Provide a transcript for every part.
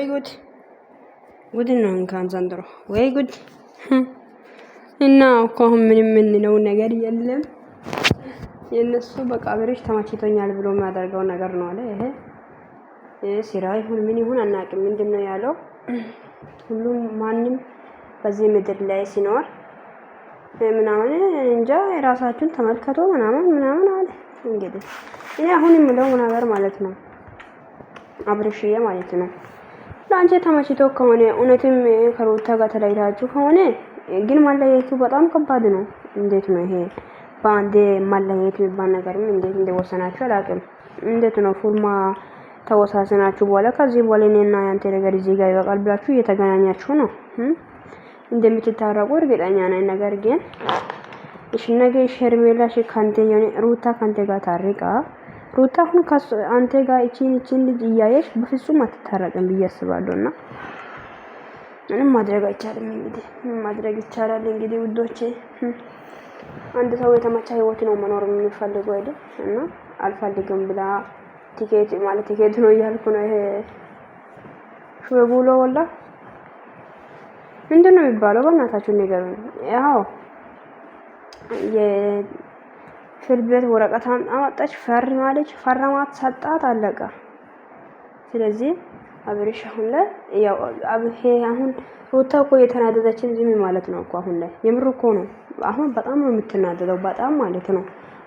ወይ ጉድ ጉድ ነው እንኳን ዘንድሮ ወይ ጉድ እና እኮ አሁን ምንም የምንለው ነገር የለም። የእነሱ በቃ አብሬጅ ተመችቶኛል ብሎ የሚያደርገው ነገር ነው አለ። ይሄ ይሄ ስራ ይሁን ምን ይሁን አናውቅም። ምንድን ነው ያለው? ሁሉም ማንም በዚህ ምድር ላይ ሲኖር ምናምን እንጃ የራሳችሁን ተመልከቶ ምናምን ምናምን አለ። እንግዲህ እኔ አሁን የምለው ነገር ማለት ነው አብርሽዬ ማለት ነው ለአንቺ ተመችቶ ከሆነ እውነትም ከሩታ ጋር ተለያይታችሁ ከሆነ ግን ማለየቱ በጣም ከባድ ነው። እንዴት ነው ይሄ በአንዴ ማለየት የሚባል ነገርም እንዴት እንደወሰናችሁ አላውቅም። እንዴት ነው ፉርማ ተወሳሰናችሁ በኋላ ከዚህ በኋላ እኔና ያንተ ነገር እዚህ ጋር ይበቃል ብላችሁ እየተገናኛችሁ ነው። እንደምትታረቁ እርግጠኛ ነኝ። ነገር ግን እሺ ነገ ሸርሜላ ሩታ ካንተ ጋር ታርቃ ሩታ አሁን አንተ ጋር እቺን እቺን ልጅ እያየሽ በፍጹም አትታረቅም ብዬ አስባለሁ። እና ምንም ማድረግ አይቻልም። እንግዲህ ምንም ማድረግ ይቻላል። እንግዲህ ውዶቼ አንድ ሰው የተመቻ ህይወት ነው መኖር የሚፈልገው አይደል? እና አልፈልግም ብላ ቲኬት ማለት ቲኬት ነው እያልኩ ነው። ይሄ ሹቡሎ ወላ ምንድን ነው የሚባለው? በእናታችሁ ንገሩኝ። ያው ፍልበት ወረቀት አመጣች፣ ፈርማለች፣ ፈረማት፣ ሰጣት፣ አለቀ። ስለዚህ አብሬሽ አሁን ላይ ያው አብሄ አሁን ሩታ እኮ የተናደደችን ዝም ማለት ነው እኮ አሁን ላይ የምር እኮ ነው። አሁን በጣም ነው የምትናደደው፣ በጣም ማለት ነው።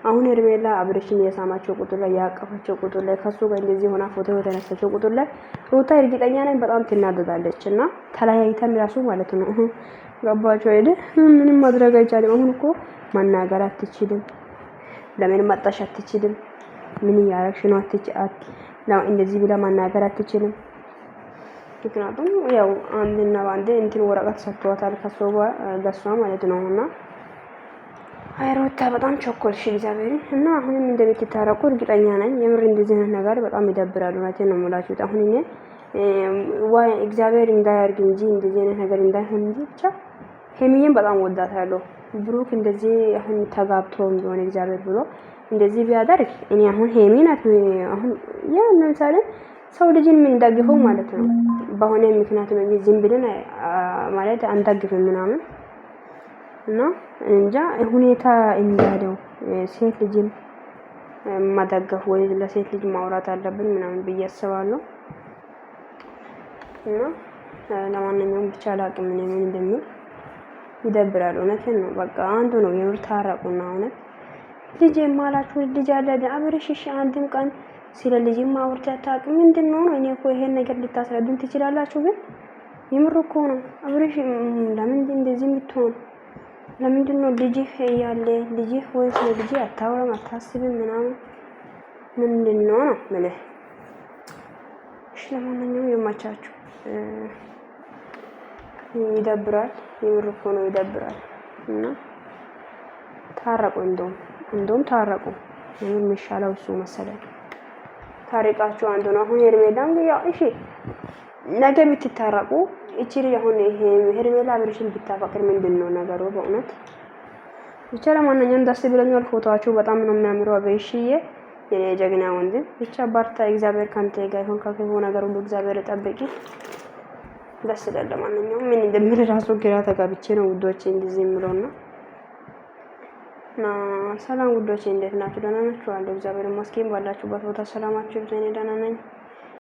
አሁን ሄርሜላ አብሬሽን የሳማቸው ቁጥር ላይ ያቀፈቸው ቁጥር ላይ ከሱ ጋር እንደዚህ ሆና ፎቶ የተነሳቸው ቁጥር ላይ ሩታ እርግጠኛ ነኝ በጣም ትናደዳለች። እና ተለያይተን ራሱ ማለት ነው ገባቸው ሄደ ምንም ማድረግ አይቻልም። አሁን እኮ መናገር አትችልም። ለምን መጣሽ አትችልም። ምን እያረግሽ ነው ነው እንደዚህ ብለ ማናገር አትችልም። ምክንያቱም ያው አንድና በአንድ እንትን ወረቀት ሰጥቷታል ከሶ ለሷ ማለት ነው። እና አይሮታ በጣም ቸኮልሽ እግዚአብሔርን እና አሁንም እንደምትታረቁ እርግጠኛ ነኝ። የምር እንደዚህ አይነት ነገር በጣም ይደብራሉ ማለት ነው። ሙላችሁት አሁን እኔ ዋይ እግዚአብሔር እንዳያርግ እንጂ እንደዚህ አይነት ነገር እንዳይሆን እንጂ ብቻ ሄሚዬን በጣም ወዳታለሁ። ብሩክ እንደዚህ አሁን ተጋብቶም ቢሆን እግዚአብሔር ብሎ እንደዚህ ቢያደርግ እኔ አሁን ሄሚናት አሁን ያ ለምሳሌ ሰው ልጅን የምንደግፈው ማለት ነው በሆነ ምክንያት ነው ዝም ብለን ማለት አንደግፍም ምናምን እና እንጃ ሁኔታ እንዳለው ሴት ልጅን ማደገፍ ወይ ለሴት ልጅ ማውራት አለብን ምናምን ብዬ አስባለሁ። እና ለማንኛውም ብቻ አላቅም ምን እንደሚል ይደብራል። እውነትን ነው። በቃ አንዱ ነው የምር ታረቁና እውነት ልጅ የማላችሁ ልጅ አለ አብረሽ እሺ፣ አንድም ቀን ስለ ልጅ ማውርቻ ታውቂ ምንድን ነው? እኔ እኮ ይሄን ነገር ልታስረዱን ትችላላችሁ፣ ግን የምር እኮ ነው። አብረሽ ለምን እንደዚህ የምትሆን ለምንድን ነው? ልጅህ ያለ ልጅህ ወይ ስለ ልጅ አታውራም፣ አታስብም ምናምን ምንድን ነው ነው ምልህ። እሺ፣ ለማንኛውም የማቻችሁ ይደብራል። የምር እኮ ነው ይደብራል። እና ታረቁ፣ እንደውም እንደውም ታረቁ። የምር የሚሻለው እሱ መሰለኝ። ታሪቃችሁ አንዱ ነው። አሁን ሄርሜላ ያው እሺ፣ ነገ ብትታረቁ እቺ ልጅ አሁን ይሄ ሄርሜላ አብርሽን ብታፈቅር ምንድን ነው ነገሩ? በእውነት ብቻ ለማንኛውም ደስ ብለኛል። ፎቶዋችሁ በጣም ነው የሚያምረው። አብርሽዬ የኔ ጀግና ወንድም ብቻ ባርታ። እግዚአብሔር ካንተ ጋር ይሁን። ከክፉ ነገር ሁሉ እግዚአብሔር ጠብቂ። ደስ ይላል። ለማንኛውም ምን እንደምል ራሱ ግራ ተጋብቼ ነው ውዶቼ እንደዚህ የምለውና እና ሰላም ውዶቼ፣ እንዴት ናችሁ? ደህና ናችሁ? አለ እግዚአብሔር ይመስገን። ባላችሁበት ቦታ ሰላማችሁ ይብዛ። እኔ ደህና ነኝ።